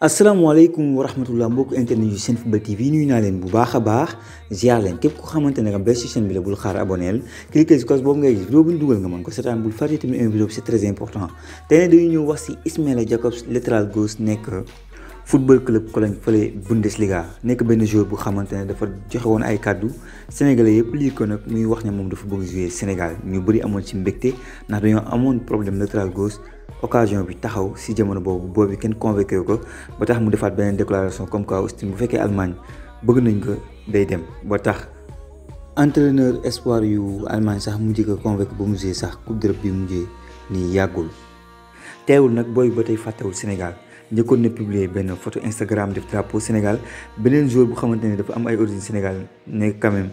asalaamaaleykum wa rahmatullah mbokk internet yu football TV nuyu naa leen bu baax a baax ziar leen képp ku xamante ne bés ci chaîne bi la bul xaar abonnel cliquer si cloche boobu ngay gis vidéo bu ñu dugal nga mën ko seetaan bul fàtte tamit un vidéo c'est très important tey nag dañu ñëw wax si Ismaila Jacobs latéral gauche nekk football club Cologne fële Bundesliga nekk benn joueur bu xamante ne dafa joxe woon ay kàddu sénégalais yëpp lii ko nag muy wax ne moom dafa bëgg jouer Sénégal ñu bëri amoon ci mbégte ndax dañoo amoon problème latéral gauche occasion bi taxaw si jamono boobu boobu kenn convaincu ko ba tax mu defaat beneen déclaration comme quoi Austin bu fekkee Allemagne bëgg nañ ko day dem ba tax entraîneur espoir yu Allemagne sax mujj ko convaincu ba mujjee sax coupe d'Europe bi mujjee nii yàggul teewul nag booy ba tey fàttewul Sénégal njëkkoon na publier benn photo Instagram def drapeau Sénégal beneen joueur bu xamante ne dafa am ay origine Sénégal nekk quand même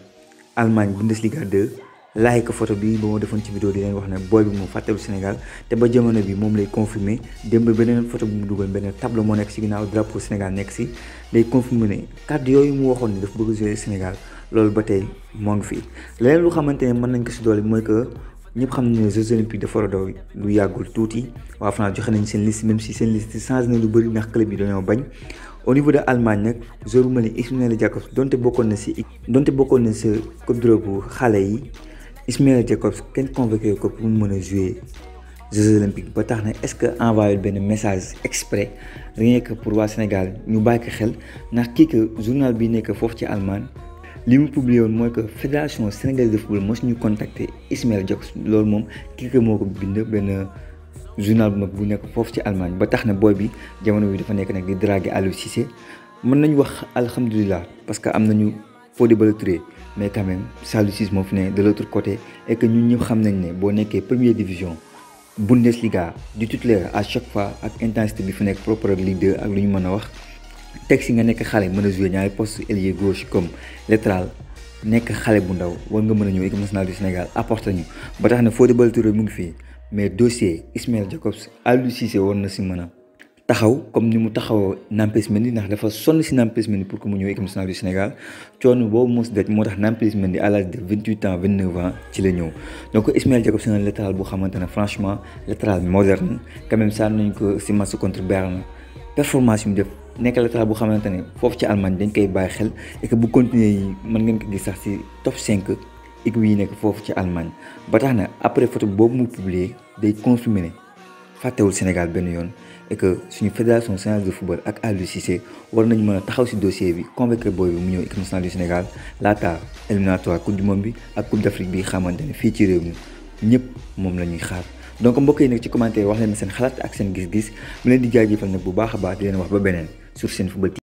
Allemagne Bundesliga 2 like photo bi ba ma defoon ci vidéo di leen wax ne booy bi mu fàttelu Sénégal te ba jamono bi moom lay confirmer démb beneen photo bu mu dugal beneen tableau moo nekk si ginnaaw drapeau Sénégal nekk si day confirmer ne kàddu yooyu mu waxoon ne dafa bëgg jouer Sénégal loolu ba tey moo ngi fii leneen lu xamante ne mën nañ ko si doole mooy que ñëpp xam ne Jeux olympiques de Florida lu yàggul tuuti waa France joxe nañ seen liste même si seen liste changé na lu bëri ndax club yi dañoo bañ au niveau de Allemagne nag joueur bu mel ni Ismaël Jakobs bokkoon na si donte bokkoon na sa coupe d'Europe xale yi Ismail Jacobs kenn convoqué que pour mu mën jouer Jeux olympiques ba tax est-ce que envoyé benn message exprès rien que pour le Sénégal ñu bàyyi ko xel nak kii que journal bi nek foofu ci Allemagne li mu publié woon que fédération sénégalaise de football moo suñu contacter Ismail Jacobs lool mom kii que moo bind ben journal bu mag bu nekk ci Allemagne ba taxna boy booy bi jamono bi dafa nek nak di draguer Aliou Cissé mën nañ wax alhamdoulillah parce que am nañu Fodé mais quand même ça lui de l'autre côté et que nous savons xam nañ première division Bundesliga du l'heure à chaque fois ak intensité bi fi propre ak Ligue ak lu ñu wax nga gauche comme latéral du Sénégal mais dossier Ismaël Jacobs Aliou Cissé si mëna taxaw comme ni mu taxawoo Nampalys Mendy ndax dafa sonn si Nampalys Mendy pour que mu ñëw équipe nationale du Sénégal coono boobu mos daj moo tax Nampalys Mendy à l'âge de 28 ans 29 ans ci la ñëw donc Ismaël Jakobs c'est un latéral bu xamante ne franchement latéral moderne quand même sànni ko si match contre Berne performance yu mu def nekk latéral bu xamante ne foofu ci Allemagne dañ koy bàyyi xel et que bu continuer yi mën ngeen ko gis sax si top 5 équipe nekk foofu ci Allemagne ba tax na après photo boobu mu publier day confirmer fàttewul Sénégal benn yoon et que suñu fédération sénégalaise de football ak Aliou Cissé war nañ mën a taxaw si dossier bi convaincre boy bi mu ñëw équipe nationale du Sénégal laata éliminatoire coupe du monde bi ak coupe d' Afrique bi xamante ne fii ci réew mi ñëpp moom la ñuy xaar. donc mbokk yi nag ci commentaire wax leen seen xalaat ak seen gis-gis mu leen di jaajëfal nag bu baax a baax di leen wax ba beneen sur seen football.